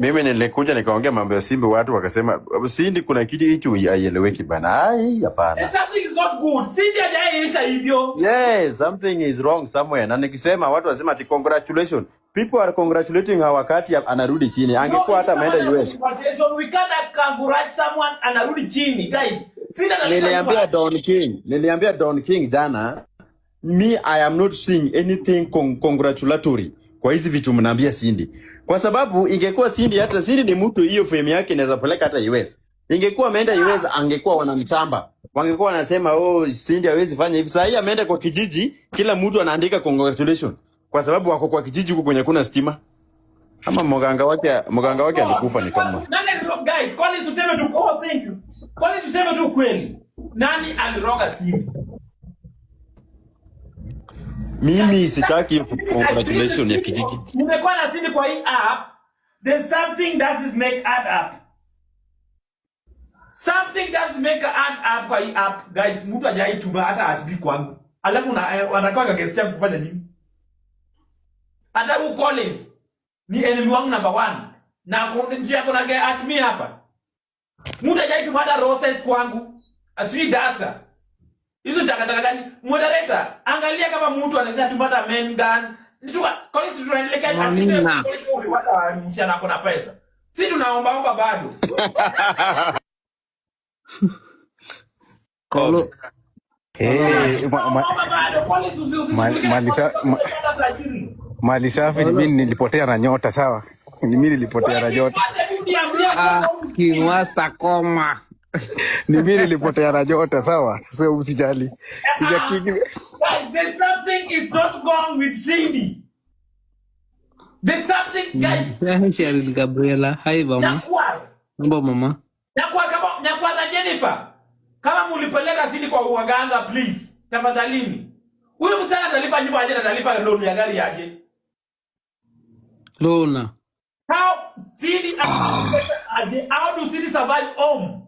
Mimi nilikuja nikaongea mambo ya Simba, watu wakasema Sindi kuna kitu hicho haieleweki bana. Ai, hapana. Something is not good. Sindi hajaiisha hivyo. Yes, something is wrong somewhere. Na nikisema watu wasema ati congratulations. People are congratulating her wakati anarudi chini. Angekuwa hata ameenda US. We can't congratulate someone anarudi chini, guys. Sindi anarudi. Niliambia Don King, niliambia Don King jana, me I am not seeing anything congratulatory kwa hizi vitu mnaambia Cindy, kwa sababu ingekuwa Cindy, hata Cindy ni mtu hiyo fame yake inaweza peleka hata US. Ingekuwa ameenda US, angekuwa wanamtamba, wangekuwa wanasema oh, Cindy hawezi fanya hivi. Sasa hii ameenda kwa kijiji, kila mtu anaandika congratulations, kwa sababu wako kwa kijiji huko kwenye kuna stima ama mganga wake mganga wake alikufa. Ni kama nani aliroga guys? Kwani tuseme tu oh, thank you. Kwani tuseme tu kweli, nani aliroga Cindy? Mimi sitaki congratulation ya kijiji. Nimekuwa na sidi kwa hii app. There's something that is make add up. Something that's make add up kwa hii app. Guys, mtu hajai tuma hata atibi kwangu. Alafu na eh, anakaa kwa guest yangu kufanya nini? Hata u Collins ni enemy wangu number one. Na njia kuna atmi hapa. Mtu hajai tuma hata roses kwangu. Atui dasha. Hizo takataka gani? Moderator, angalia kama mtu anasema tupata main gun. Nituka polisi tunaendelea kwa nini? Kwa polisi ulipata msichana ako na pesa. Si tunaomba omba bado. Kolo. Eh, bado polisi usisikulie. Malisa Malisa mimi nilipotea na nyota sawa. Ni Mimi nilipotea na nyota. Ah, kimwasta koma ni mimi na jote, sawa? Sio, usijali. Ah, mm. Gabriela, hai mama, mambo mama Nyakwar na Jennifer, kama mulipeleka sili kwa waganga, please tafadhalini. msana atalipa nyumba aje? Atalipa loan ya gari how survive home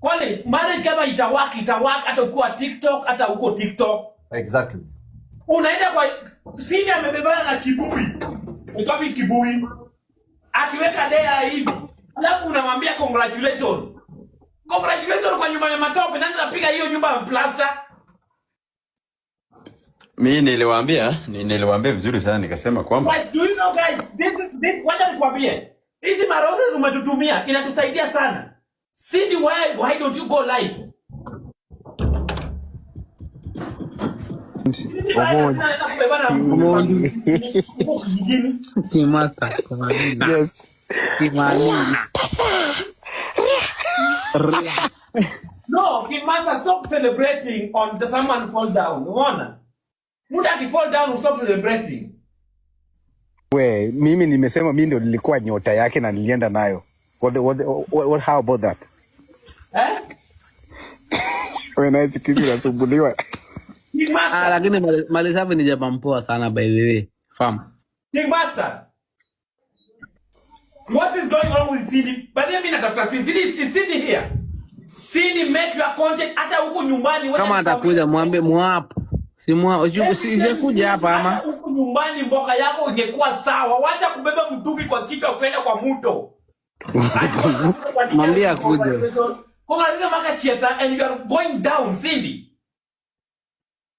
Kwani marriage kama itawaka itawaka hata kwa TikTok hata huko TikTok. Exactly. Unaenda kwa sini amebebana na kibui. Ukapi kibui. Akiweka dea hivi. Alafu unamwambia congratulations. Congratulations kwa nyumba ya matope. Nani anapiga hiyo nyumba ya plaster? Mi niliwaambia, niliwaambia vizuri sana nikasema kwamba But do you know guys, this is this wacha nikwambie. Hizi maroses umetutumia inatusaidia sana. Cindy, why, why don't you go live? No, have stopped celebrating on the someone fall down. Unaona? Mtu fall down stop celebrating. We, mimi nimesema mimi ndio nilikuwa nyota yake na nilienda nayo. What, what, what, what, how about that? Eh? Wenaisikizi unasumbuliwa. Ah, lakini Malisafi ni jamaa mpoa sana by the way. Fam. Big Master. What is going on with Sidi? By the way, mimi natafuta Sidi. Is Sidi here? Sidi make your content hata huko nyumbani. Kama atakuja mwambie mwap. Si mwa usikuja hapa ama. Huko nyumbani mboka yako ingekuwa sawa. Wacha kubeba mtungi kwa kika ukaenda kwa muto. Mwambie akuje. Kungalisha mpaka Chieta and you are going down Cindy.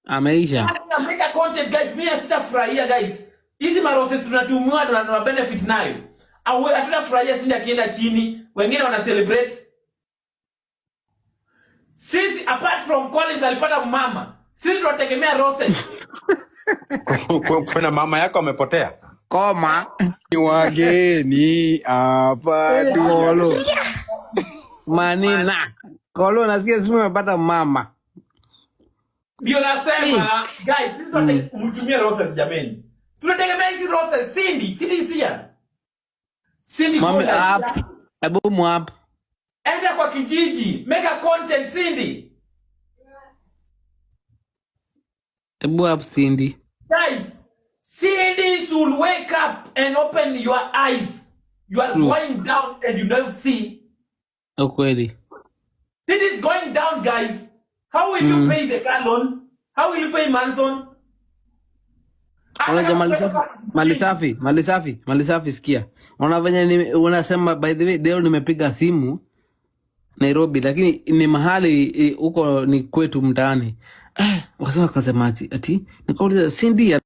Ameisha. Tunameka content guys, mimi sitafurahia guys. Hizi marose tunatumiwa na tuna benefit nayo. Au wewe hatutafurahia Cindy akienda chini, wengine wana celebrate. Sisi apart from Collins alipata mama. Sisi tunategemea Rose. Kuna mama yako amepotea koma ni wageni hapa eh, Kolo manina Kolo, nasikia simu imepata mama, ndio nasema hey. Eh. guys, sisi tunataka kumtumia mm. roses jameni, tunategemea hizi roses sindi sindi sia sindi mama up hebu mu up, enda kwa kijiji, make a content sindi, hebu up sindi will wake up and open your eyes. You are mm. going down and you don't see. Okay. It is going down guys. How will mm. you hmm. pay the car loan? How will you pay Manson? Malisafi, Malisafi, Malisafi, sikia, unavenye unasema. By the way, leo nimepiga simu Nairobi, lakini ni mahali huko, ni kwetu mtaani. Ah, eh, wasema kasemaji ati nikauliza, si ndio?